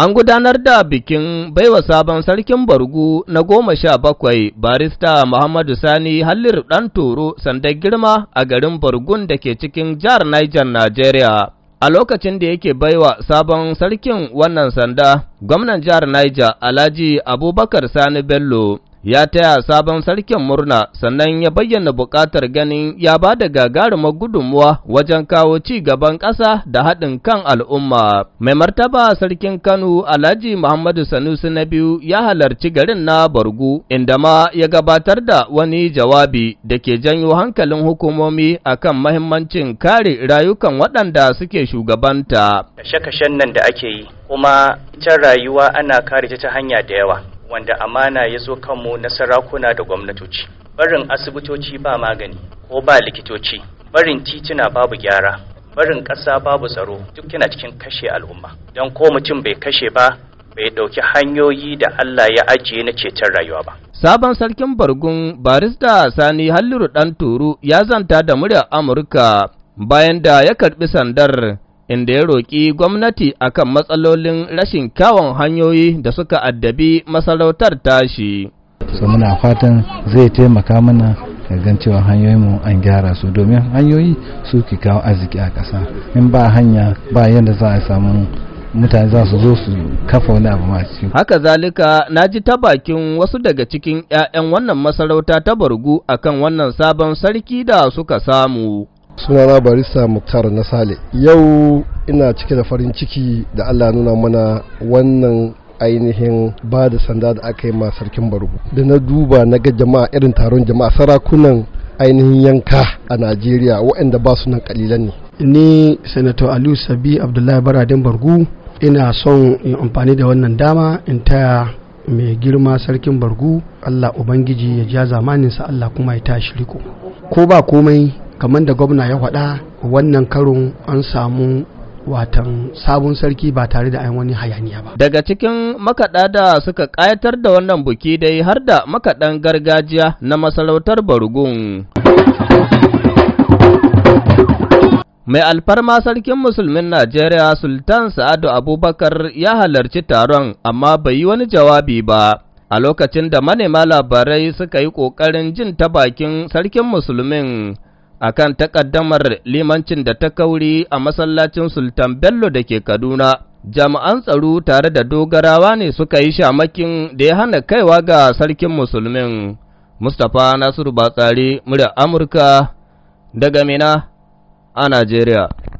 An gudanar da bikin baiwa sabon sarkin Bargu na goma sha bakwai barista Muhammadu Sani Hallir ɗan Toro sandar girma a garin Bargun da ke cikin jihar Niger, Najeriya. A lokacin da yake baiwa sabon sarkin wannan sanda, gwamnan jihar Niger Alhaji Abubakar Sani Bello ya taya sabon sarkin murna sannan ya bayyana buƙatar ganin ya ba da gagarumar gudunmuwa wajen kawo ci gaban ƙasa da haɗin kan al'umma. Mai martaba sarkin Kano Alhaji Muhammadu Sanusi na biyu ya halarci garin na Bargu inda ma ya gabatar da wani jawabi da ke janyo hankalin hukumomi akan mahimmancin kare rayukan waɗanda suke shugabanta. Kashe-kashen nan da ake yi kuma can rayuwa ana kare ta hanya da yawa. wanda amana ya zo kanmu na sarakuna da gwamnatoci barin asibitoci ba magani ko ba likitoci barin titina babu gyara barin ƙasa babu tsaro duk yana cikin kashe al'umma don ko mutum bai kashe ba bai ɗauki hanyoyi da Allah ya ajiye na ceton rayuwa ba. Sabon sarkin Bargun barista Sani Halliru ɗan Turu ya zanta da muryar Amurka bayan da ya karɓi sandar inda ya roƙi gwamnati akan matsalolin rashin kyawun hanyoyi da suka addabi masarautar tashi. so muna fatan zai taimaka mana gan cewa hanyoyinmu an gyara su domin hanyoyi su ke kawo arziki a ƙasa in ba hanya ba yadda za a samu mutane za su zo su kafa wani abu masu haka zalika na ji ta bakin wasu daga cikin 'ya'yan wannan masarauta ta bargu akan wannan sabon sarki da suka samu sunana barista muktar na sale yau ina cike da farin ciki da allah nuna mana wannan ainihin ba da sanda da aka yi ma sarkin barugu da na duba na ga jama'a irin taron jama'a sarakunan ainihin yanka a najeriya waɗanda ba su nan kalilan ne ni senator aliyu sabi abdullahi baradin bargu ina son in amfani da wannan dama in taya mai girma sarkin bargu allah ubangiji ya ja zamaninsa allah kuma ya tashi riko ko ba komai kamar da gwamna ya faɗa wannan karon an samu watan sabon sarki ba tare da an wani hayaniya ba. Daga cikin makaɗa da suka ƙayatar da wannan buki dai har da makaɗan gargajiya na masarautar Barugun. Mai alfarma sarkin musulmin Najeriya Sultan Sa'adu Abubakar ya halarci taron amma bai yi wani jawabi ba. a lokacin da manema labarai suka yi ƙoƙarin jin ta bakin sarkin musulmin akan takaddamar limancin da ta kauri a masallacin Sultan Bello da ke Kaduna. Jami'an tsaro tare da dogarawa ne suka yi shamakin da ya hana kaiwa ga sarkin musulmin. Mustapha Nasiru Batsari, murya Amurka daga Mina a Najeriya.